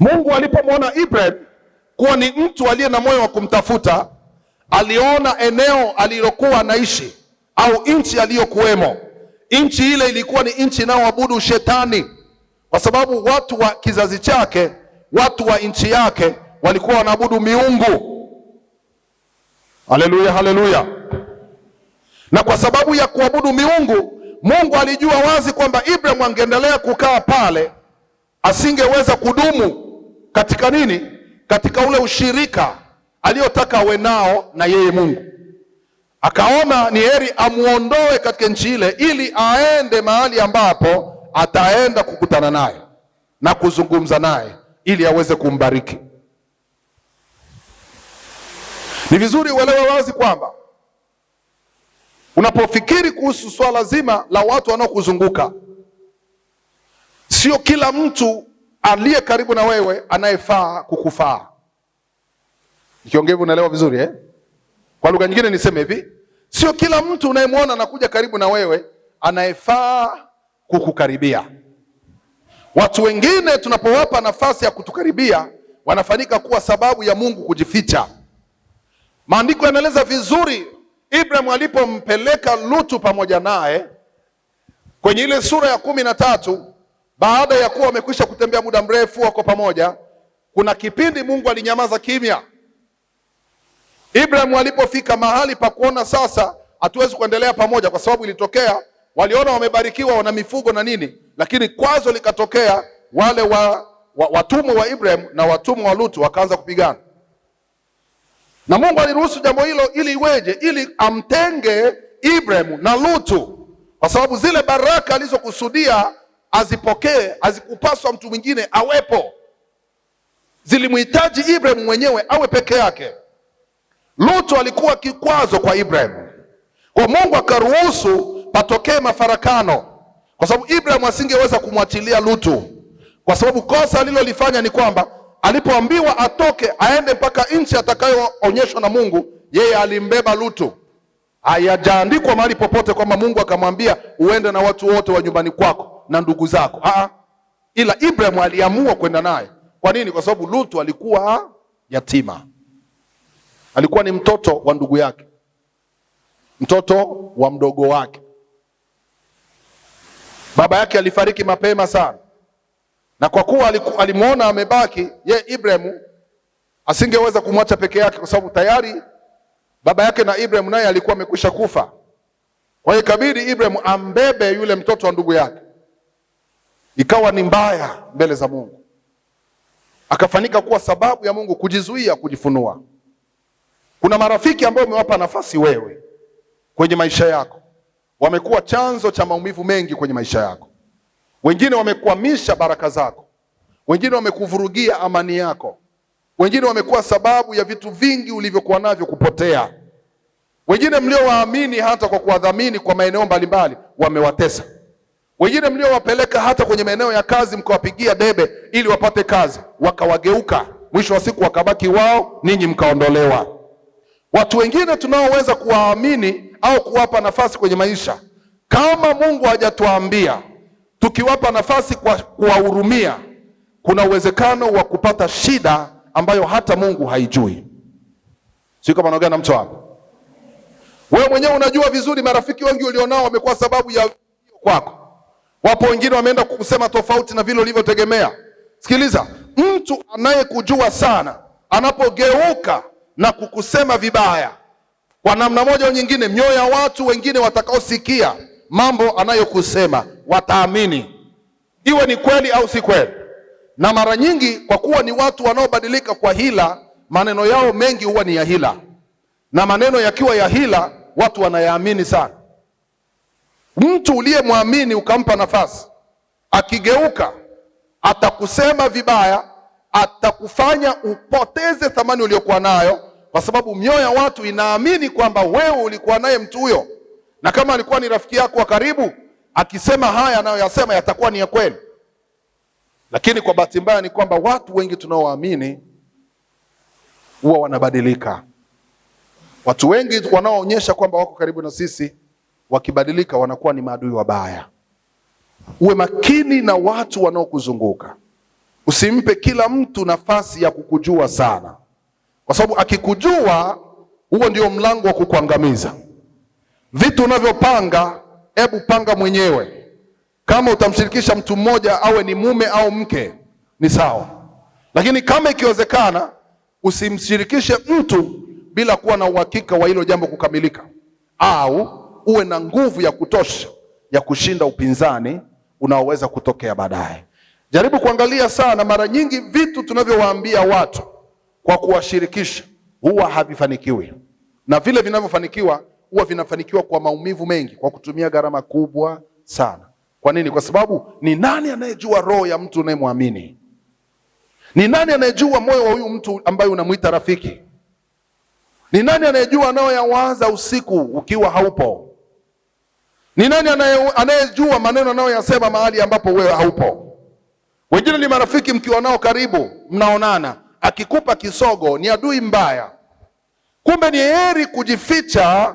Mungu alipomwona Ibrahim kuwa ni mtu aliye na moyo wa kumtafuta, aliona eneo alilokuwa anaishi au nchi aliyokuwemo. Nchi ile ilikuwa ni nchi inayoabudu shetani, kwa sababu watu wa kizazi chake, watu wa nchi yake walikuwa wanaabudu miungu. Haleluya, haleluya! Na kwa sababu ya kuabudu miungu, Mungu alijua wazi kwamba Ibrahim angeendelea kukaa pale, asingeweza kudumu katika nini? Katika ule ushirika aliyotaka awe nao na yeye Mungu akaona ni heri amuondoe katika nchi ile ili aende mahali ambapo ataenda kukutana naye na kuzungumza naye ili aweze kumbariki. Ni vizuri uelewe wazi kwamba unapofikiri kuhusu swala zima la watu wanaokuzunguka, sio kila mtu aliye karibu na wewe anayefaa kukufaa. Nikiongea hivyo unaelewa vizuri eh? Kwa lugha nyingine niseme hivi, sio kila mtu unayemwona anakuja karibu na wewe anayefaa kukukaribia. Watu wengine tunapowapa nafasi ya kutukaribia wanafanyika kuwa sababu ya Mungu kujificha. Maandiko yanaeleza vizuri Ibrahim alipompeleka Lutu pamoja naye kwenye ile sura ya kumi na tatu baada ya kuwa wamekwisha kutembea muda mrefu, wako pamoja, kuna kipindi Mungu alinyamaza kimya. Ibrahimu alipofika mahali pa kuona sasa hatuwezi kuendelea pamoja, kwa sababu ilitokea waliona wamebarikiwa, wana mifugo na nini, lakini kwazo likatokea wale wa, wa, watumwa wa Ibrahim na watumwa wa Lutu wakaanza kupigana, na Mungu aliruhusu jambo hilo ili iweje? Ili amtenge ibrahim na Lutu, kwa sababu zile baraka alizokusudia azipokee, azikupaswa mtu mwingine awepo. Zilimhitaji Ibrahim mwenyewe awe peke yake. Lutu alikuwa kikwazo kwa Ibrahim, kwa Mungu akaruhusu patokee mafarakano, kwa sababu Ibrahim asingeweza kumwachilia Lutu, kwa sababu kosa alilolifanya ni kwamba alipoambiwa atoke aende mpaka nchi atakayoonyeshwa na Mungu, yeye alimbeba Lutu. Hayajaandikwa mahali popote kwamba Mungu akamwambia uende na watu wote wa nyumbani kwako na ndugu zako Aa, ila Ibrahim aliamua kwenda naye. Kwa nini? Kwa sababu Lutu alikuwa yatima, alikuwa ni mtoto wa ndugu yake, mtoto wa mdogo wake. Baba yake alifariki mapema sana, na kwa kuwa alimwona amebaki ye, Ibrahim asingeweza kumwacha peke yake, kwa sababu tayari baba yake na Ibrahim naye alikuwa amekwisha kufa. Kwa hiyo ikabidi Ibrahim ambebe yule mtoto wa ndugu yake ikawa ni mbaya mbele za Mungu, akafanika kuwa sababu ya Mungu kujizuia kujifunua. Kuna marafiki ambao umewapa nafasi wewe kwenye maisha yako, wamekuwa chanzo cha maumivu mengi kwenye maisha yako. Wengine wamekwamisha baraka zako, wengine wamekuvurugia amani yako, wengine wamekuwa sababu ya vitu vingi ulivyokuwa navyo kupotea. Wengine mliowaamini hata kwa kuwadhamini kwa maeneo mbalimbali, wamewatesa wengine mliowapeleka hata kwenye maeneo ya kazi mkawapigia debe ili wapate kazi, wakawageuka, mwisho wa siku wakabaki wao, ninyi mkaondolewa. Watu wengine tunaoweza kuwaamini au kuwapa nafasi kwenye maisha, kama Mungu hajatuambia tukiwapa nafasi kwa kuwahurumia, kuna uwezekano wa kupata shida ambayo hata Mungu haijui. Sio kama naongea na mtu hapa. Wewe mwenyewe unajua vizuri, marafiki wengi ulionao wamekuwa sababu ya kwako Wapo wengine wameenda kusema tofauti na vile ulivyotegemea. Sikiliza, mtu anayekujua sana anapogeuka na kukusema vibaya kwa namna moja au nyingine, mioyo ya watu wengine watakaosikia mambo anayokusema wataamini, iwe ni kweli au si kweli. Na mara nyingi kwa kuwa ni watu wanaobadilika kwa hila, maneno yao mengi huwa ni ya hila, na maneno yakiwa ya hila watu wanayaamini sana. Mtu uliyemwamini ukampa nafasi, akigeuka atakusema vibaya, atakufanya upoteze thamani uliyokuwa nayo, kwa sababu mioyo ya watu inaamini kwamba wewe ulikuwa naye mtu huyo, na kama alikuwa ni rafiki yako wa karibu, akisema haya anayoyasema yatakuwa ni ya kweli. Lakini kwa bahati mbaya ni kwamba watu wengi tunaowaamini huwa wanabadilika. Watu wengi wanaoonyesha kwamba wako karibu na sisi wakibadilika wanakuwa ni maadui wabaya. Uwe makini na watu wanaokuzunguka, usimpe kila mtu nafasi ya kukujua sana, kwa sababu akikujua, huo ndio mlango wa kukuangamiza. Vitu unavyopanga hebu panga mwenyewe. Kama utamshirikisha mtu mmoja, awe ni mume au mke, ni sawa, lakini kama ikiwezekana, usimshirikishe mtu bila kuwa na uhakika wa hilo jambo kukamilika au uwe na nguvu ya kutosha ya kushinda upinzani unaoweza kutokea baadaye. Jaribu kuangalia sana, mara nyingi vitu tunavyowaambia watu kwa kuwashirikisha huwa havifanikiwi, na vile vinavyofanikiwa huwa vinafanikiwa kwa maumivu mengi, kwa kutumia gharama kubwa sana. Kwa nini? Kwa sababu ni nani anayejua roho ya mtu unayemwamini? Ni nani anayejua moyo wa huyu mtu ambaye unamwita rafiki? Ni nani anayejua anayoyawaza usiku ukiwa haupo? Ni nani anayejua maneno anayoyasema mahali ambapo wewe haupo? Wengine ni marafiki, mkiwa nao karibu, mnaonana, akikupa kisogo ni adui mbaya. Kumbe ni heri kujificha,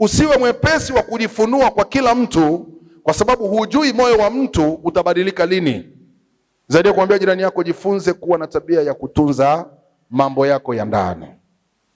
usiwe mwepesi wa kujifunua kwa kila mtu, kwa sababu hujui moyo wa mtu utabadilika lini. Zaidi ya kumwambia jirani yako, jifunze kuwa na tabia ya kutunza mambo yako ya ndani.